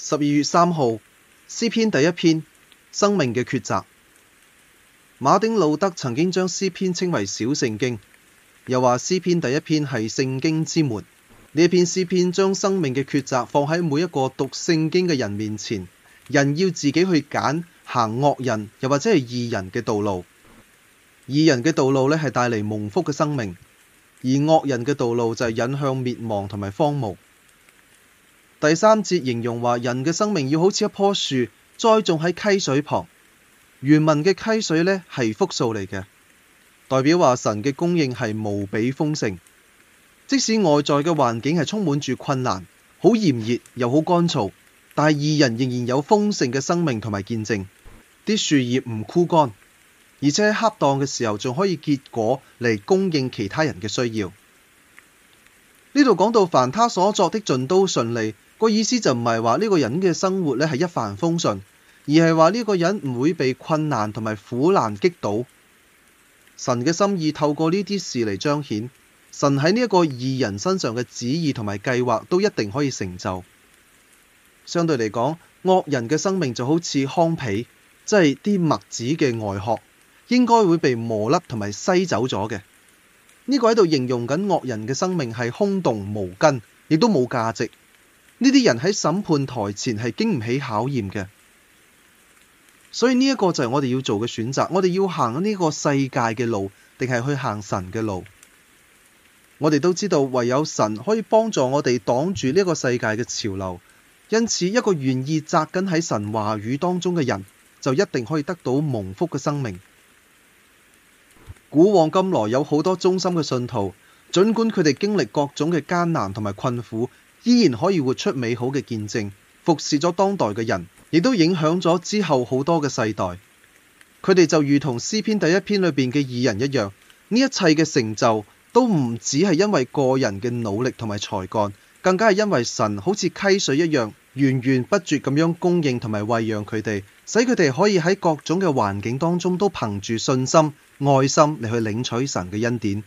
十二月三號，詩篇第一篇《生命嘅抉擇》。馬丁路德曾經將詩篇稱為小聖經，又話詩篇第一篇係聖經之門。呢篇詩篇將生命嘅抉擇放喺每一個讀聖經嘅人面前，人要自己去揀行惡人，又或者係義人嘅道路。義人嘅道路呢係帶嚟蒙福嘅生命，而惡人嘅道路就係引向滅亡同埋荒蕪。第三節形容話人嘅生命要好似一棵樹栽種喺溪水旁，原文嘅溪水呢係複數嚟嘅，代表話神嘅供應係無比豐盛。即使外在嘅環境係充滿住困難，好炎熱又好乾燥，但係義人仍然有豐盛嘅生命同埋見證。啲樹葉唔枯乾，而且喺恰當嘅時候仲可以結果嚟供應其他人嘅需要。呢度講到凡他所作的盡都順利。個意思就唔係話呢個人嘅生活咧係一帆風順，而係話呢個人唔會被困難同埋苦難擊倒。神嘅心意透過呢啲事嚟彰顯，神喺呢一個義人身上嘅旨意同埋計劃都一定可以成就。相對嚟講，惡人嘅生命就好似糠秕，即係啲麥子嘅外殼，應該會被磨甩同埋篩走咗嘅。呢、這個喺度形容緊惡人嘅生命係空洞無根，亦都冇價值。呢啲人喺審判臺前係經唔起考驗嘅，所以呢一個就係我哋要做嘅選擇。我哋要行呢個世界嘅路，定係去行神嘅路？我哋都知道，唯有神可以幫助我哋擋住呢個世界嘅潮流。因此，一個願意扎根喺神話語當中嘅人，就一定可以得到蒙福嘅生命。古往今來有好多忠心嘅信徒，盡管佢哋經歷各種嘅艱難同埋困苦。依然可以活出美好嘅見證，服侍咗當代嘅人，亦都影響咗之後好多嘅世代。佢哋就如同詩篇第一篇裏邊嘅義人一樣，呢一切嘅成就都唔只係因為個人嘅努力同埋才幹，更加係因為神好似溪水一樣源源不絕咁樣供應同埋餵養佢哋，使佢哋可以喺各種嘅環境當中都憑住信心、愛心嚟去領取神嘅恩典。